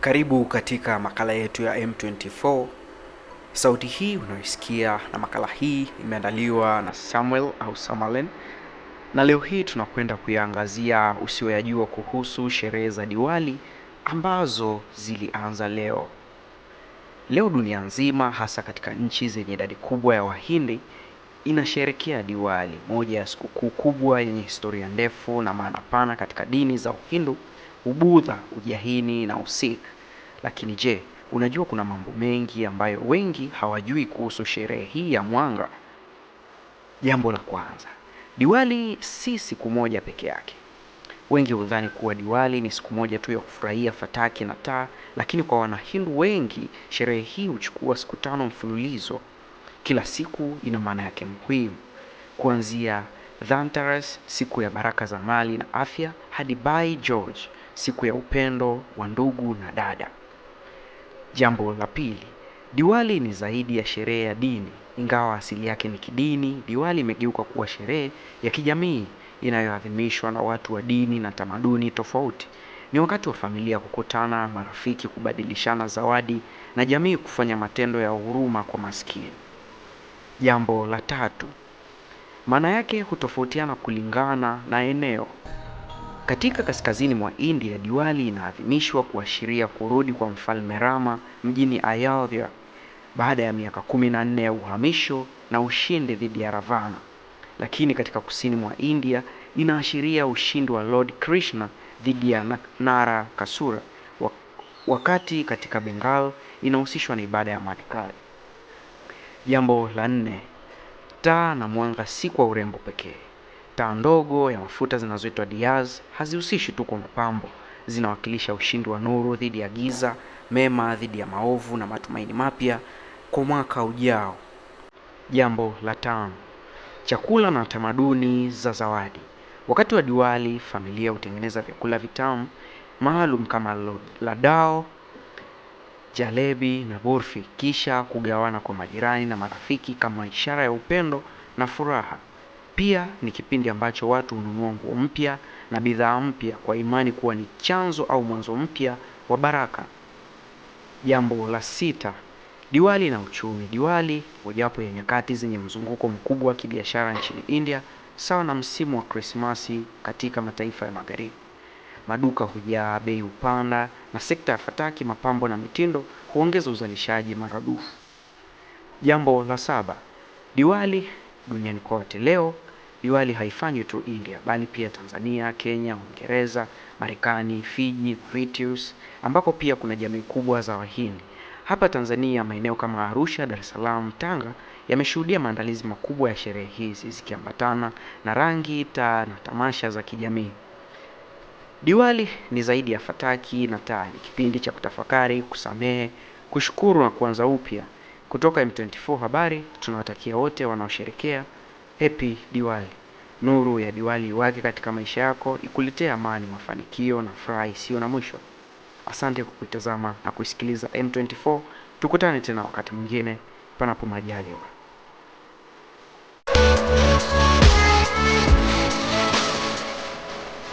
Karibu katika makala yetu ya M24. Sauti hii unayoisikia na makala hii imeandaliwa na Samuel au Samalen, na leo hii tunakwenda kuyaangazia usioyajua kuhusu sherehe za Diwali ambazo zilianza leo. Leo dunia nzima, hasa katika nchi zenye idadi kubwa ya Wahindi, inasherekea Diwali, moja ya sikukuu kubwa yenye historia ndefu na maana pana katika dini za Uhindu Ubudha, Ujahini na usik Lakini je, unajua kuna mambo mengi ambayo wengi hawajui kuhusu sherehe hii ya mwanga? Jambo la kwanza, Diwali si siku moja peke yake. Wengi hudhani kuwa Diwali ni siku moja tu ya kufurahia fataki na taa, lakini kwa Wanahindu wengi sherehe hii huchukua siku tano mfululizo. Kila siku ina maana yake muhimu, kuanzia Dhanteras, siku ya baraka za mali na afya, hadi Bhai George, siku ya upendo wa ndugu na dada. Jambo la pili, Diwali ni zaidi ya sherehe ya dini. Ingawa asili yake ni kidini, Diwali imegeuka kuwa sherehe ya kijamii inayoadhimishwa na watu wa dini na tamaduni tofauti. Ni wakati wa familia kukutana, marafiki kubadilishana zawadi na jamii kufanya matendo ya huruma kwa maskini. Jambo la tatu, maana yake hutofautiana kulingana na eneo. Katika kaskazini mwa India, Diwali inaadhimishwa kuashiria kurudi kwa Mfalme Rama mjini Ayodhya baada ya miaka kumi na nne ya uhamisho na ushindi dhidi ya Ravana. Lakini katika kusini mwa India inaashiria ushindi wa Lord Krishna dhidi ya Narakasura, wakati katika Bengal inahusishwa na ibada ya matikali. Jambo la nne, taa na mwanga si kwa urembo pekee taa ndogo ya mafuta zinazoitwa diaz hazihusishi tu kwa mapambo, zinawakilisha ushindi wa nuru dhidi ya giza, mema dhidi ya maovu na matumaini mapya kwa mwaka ujao. Jambo la tano: chakula na tamaduni za zawadi. Wakati wa Diwali, familia hutengeneza vyakula vitamu maalum kama ladao, jalebi na burfi, kisha kugawana kwa majirani na marafiki kama ishara ya upendo na furaha. Pia ni kipindi ambacho watu hununua nguo mpya na bidhaa mpya kwa imani kuwa ni chanzo au mwanzo mpya wa baraka. Jambo la sita, Diwali na uchumi. Diwali mojawapo ya nyakati zenye mzunguko mkubwa wa kibiashara nchini India, sawa na msimu wa Krismasi katika mataifa ya Magharibi. Maduka hujaa, bei hupanda, na sekta ya fataki, mapambo na mitindo huongeza uzalishaji maradufu. Jambo la saba, Diwali duniani kote leo Liwali haifanywi tu India bali pia Tanzania, Kenya, Uingereza, Marekani, Fiji, Mauritius ambako pia kuna jamii kubwa za Wahindi. Hapa Tanzania maeneo kama Arusha, Dar es Salaam, Tanga yameshuhudia maandalizi makubwa ya sherehe hizi zikiambatana na rangi, taa na tamasha za kijamii. Diwali ni zaidi ya fataki na taa, ni kipindi cha kutafakari, kusamehe, kushukuru na kuanza upya. Kutoka M24 Habari tunawatakia wote wanaosherekea Happy Diwali! Nuru ya Diwali iwake katika maisha yako ikuletee amani, mafanikio na furaha isiyo na mwisho. Asante kwa kutazama na kusikiliza M24. Tukutane tena wakati mwingine, panapo majaliwa.